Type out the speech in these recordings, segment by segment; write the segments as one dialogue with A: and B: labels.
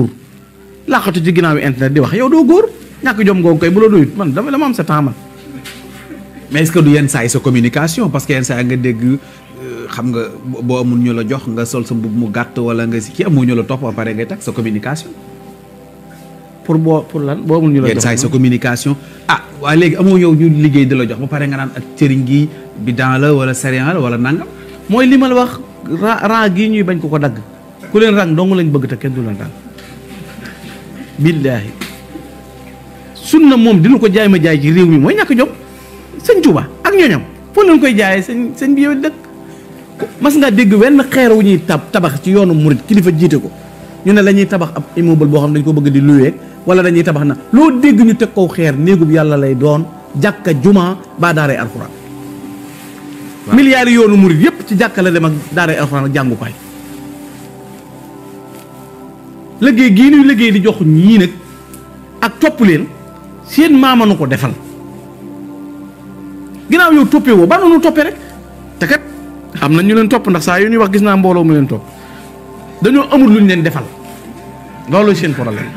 A: la làqatu ci ginnaaw internet di wax yow do góor ñak jom gog koy oh, eh, bu la doyut man dama dama am sa temps man mais est ce que du yenn say sa communication parce que yenn say nga deg xam nga bo amul ñu la jox nga sol sa mbub mu gatt wala nga si ki amul ñu la ba pare ngay tak sa communication pour bo pour lan bo amul ñu la jox yenn sa communication oh. ah wa legi amoo ñu ñu liggey de la jox ba pare nga nan ak cëriñ gi dans la wala sarien la wala nangam moy limal wax ra ra gi ñuy bañ ko ko dag ku leen rang dong lañ bëgg te kenn du leen dal billaahi sunna moom dina ko jaay ma jaay ci réew mi mooy ñàkk jom sëñ Tuuba ak ñooñam foo leen koy jaayee sëñ sëñ bi yow dëkk mas ngaa dégg wenn xeer wu ñuy tab tabax ci yoonu murit kilifa jiite ko ñu ne la ñuy tabax ab immeuble boo xam ne dañ ko bëgg di luwee wala dañuy tabax na loo dégg ñu teg kow xeer néegub yàlla lay doon jàkka jumaa baa daaray alxuraan milliards yoonu murit yépp ci jàkka la dem ak daaray alxuraan ak jàngukaay liggéey gii nuy liggéey di jox ñii nag ak topp leen seen maama nu ko defal ginnaaw yow toppee woo ba noonu toppee rek te kat am na ñu leen topp ndax saa yu ñuy wax gis naa mbooloo mu leen topp dañoo amul lu leen defal loolu seen problème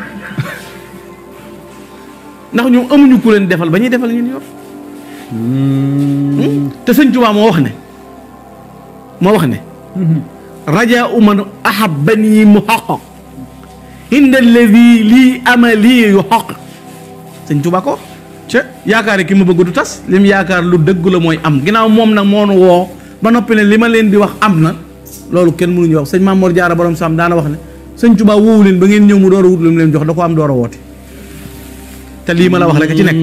A: ndax ñoom amuñu ko leen defal ba ñuy defal ñun yor hmm? te sëñ Tuubaa moo wax ne moo wax ne mhm. rajaa uman ahabbani mu xaqaq inda lezi lii amali yu xoq sëñ Tuubaa ko ca yaakaar ki ma bëgg du tas lim yaakaar lu dëgg la mooy am ginnaaw moom nag moonu woo ba noppi ne li ma leen di wax am na loolu kenn mënuñu wax sëñ Mamoor Jaara borom saam daana wax ne sëñ Tuubaa woowu leen ba ngeen ñëw mu door a wut lu mu leen jox da ko am door a woote te lii ma la wax rek ci nekk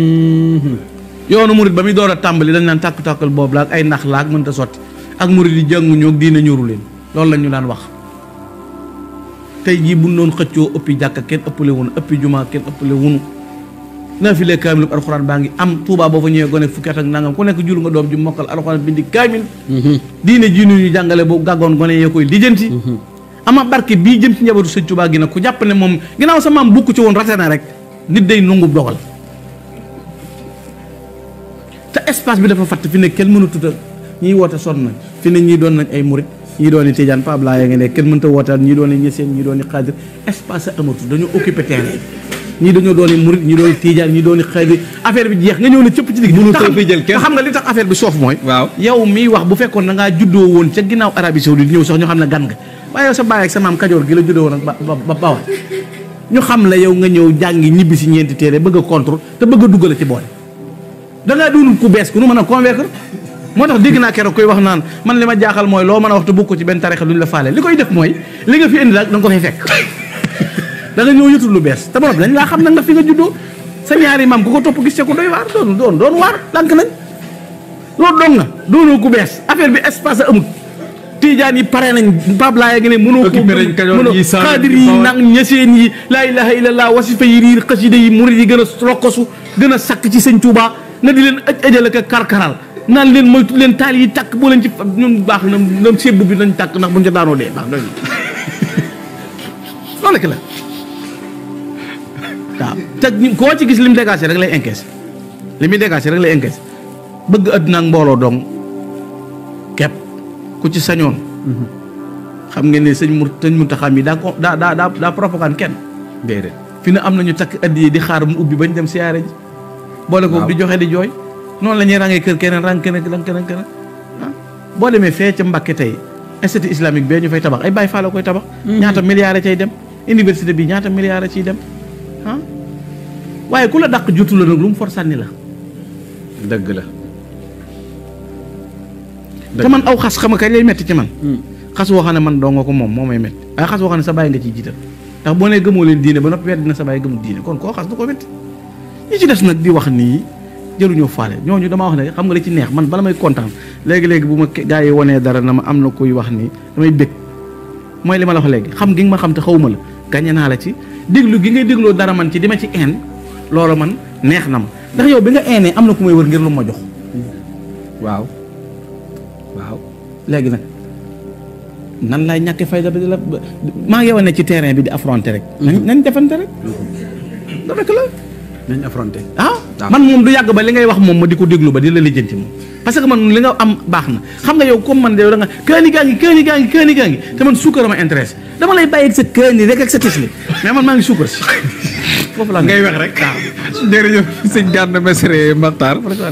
A: yoonu murit ba muy door a tàmbali dañ naan tàkk-tàkkal boob laag ay nax laag mënta sotti ak murit yi jànguñoo diina ñoru leen loolu la ñu daan wax tey jii bu ñu xëccoo ëpp jàkka kenn ëppale wunu ëppi juma kenn ëppale wunu naafile kaamil alxuraan baa ngi am Touba boo fa ñëwee gone fukki at ak nangam ku nekk jur nga doom ju mokkal alxuraan bindi kaamil mhm. diine ji ñu jàngale bu gàggoon gone yee koy lijjanti mhm. ama barke bii jëm ci njabootu sëñ Touba gi nag ku jàpp ne moom ginnaaw sa maam bukk ci woon rate na rek nit day nungu dogal te espace bi dafa fatt fi ne kenn mënu tuta ñi woote sonn na ñii doon nañ ay murit ñi doon tidiane pa ablaye nga ne ken mënta wotal ñi doon ñi seen ñi doon xadir espace amatu dañu occuper terrain ñi dañu doon mourid ñi doon tidiane ñi doon xadir affaire bi jeex nga ñew na cëpp ci dig mënu ta fi jël kenn xam nga li tax affaire bi sof moy waaw yow mi wax bu fekkon da nga juddo won ci ginnaw arabie saoudite ñew sax ñu xam na gan nga waye sa baye ak sa mam kadior gi la juddo won ak ba ba bawal ñu xam la yow nga ñëw jàngi ñibbi ci ñent téré bëgg contrôle contre te bëgg duggal ci boole da nga doon ku bes ku nu mëna convaincre motax deg na kéro koy wax nan man lima ma moy lo meuna waxtu a wax ci ben tarixa luñ la falé li def moy li nga fi indi rek dang ko fay fek da nga ñoo yutul lu bees ta borom dañ la xam na nga fi nga juddoo sa ñaari mam ku ko top gis ci ko doy war don don don war dank nañ loolu doon nga no ku bees affaire bi espace a tidiane tijaan yi pare nañ Pape Laye gëné ne ko mënoo xaadir yi ñeseen yi la ilaha illallah wasifa yi yi murid yi gën a rokkosu gën ci seigne touba na di leen ajjalaka karkaral naan leen moytu leen taal yi tàkk boo leen ci ñun baax na ñoom sébb bi nañ tàkk ndax buñ ca daanoo dee baax na loolu rek la waaw te koo ci gis li mu dégagé rek lay encaissé li muy dégagé rek lay encaissé bëgg àddina mbooloo doom képp ku ci sañoon. xam ngeen ne sëñ mu sëñ Muntaxa mi daa ko daa daa daa provoqué kenn. fi na am nañu takk addiya di xaar mu ubbi bañ dem siyaare ji. boole ko di joxe di jooy. non lañuy rangé ràngee kenen rang kenen rang kenen kenen nah, bo démé fé ci mbacké tay institut islamique bé ñu fay tabax ay bay fa la koy tabax. ñaata mm-hmm. milliards ci dem université bi ñaata milliards ci dem han waaye kula dakk dàq la lu mu for la. dëgg la. te man aw xass xama kay lay metti ci man. xass wo xane man do nga ko mom momay metti ay xass wo xane sa bay nga ci jiital ndax bo né gëmo leen diiné ba noppi wedd na sa bay gëm diiné kon ko xass du ko metti ñi ci dess nak di wax ni jëluñoo faale ñooñu dama wax ne xam nga la ci neex man bala may kontaan léegi-léegi bu ma gars yi wanee dara na ma am na kuy wax nii damay bég mooy li ma la wax léegi xam gi nga ma xam te xawuma la gàññe naa la ci déglu gi ngay dégloo dara man ci di ci een loolu man neex na ma ndax yow bi nga eenee am na ku may wër ngir lu ma jox waaw waaw nag nan laay ñàkk fayda bi la maa ngi yow ne ci terrain bi di affronter rek mhm. nañ defante rek da mhm. rek la nañ affronter ah man moom du yàgg ba li ngay wax moom ma di ko déglu ba di la lijjanti moom parce que man li nga am baax na xam nga yow comme man de da nga kaani gaa ngi kaani gaa ngi kaani gaa ngi te man suukar ma intéresse dama lay bàyyi sa kaani rek ak sa tisli mais man maa ngi suukar si foofu la ngay wax rek waaw jërëjëf sëñ Gana Messere Makhtar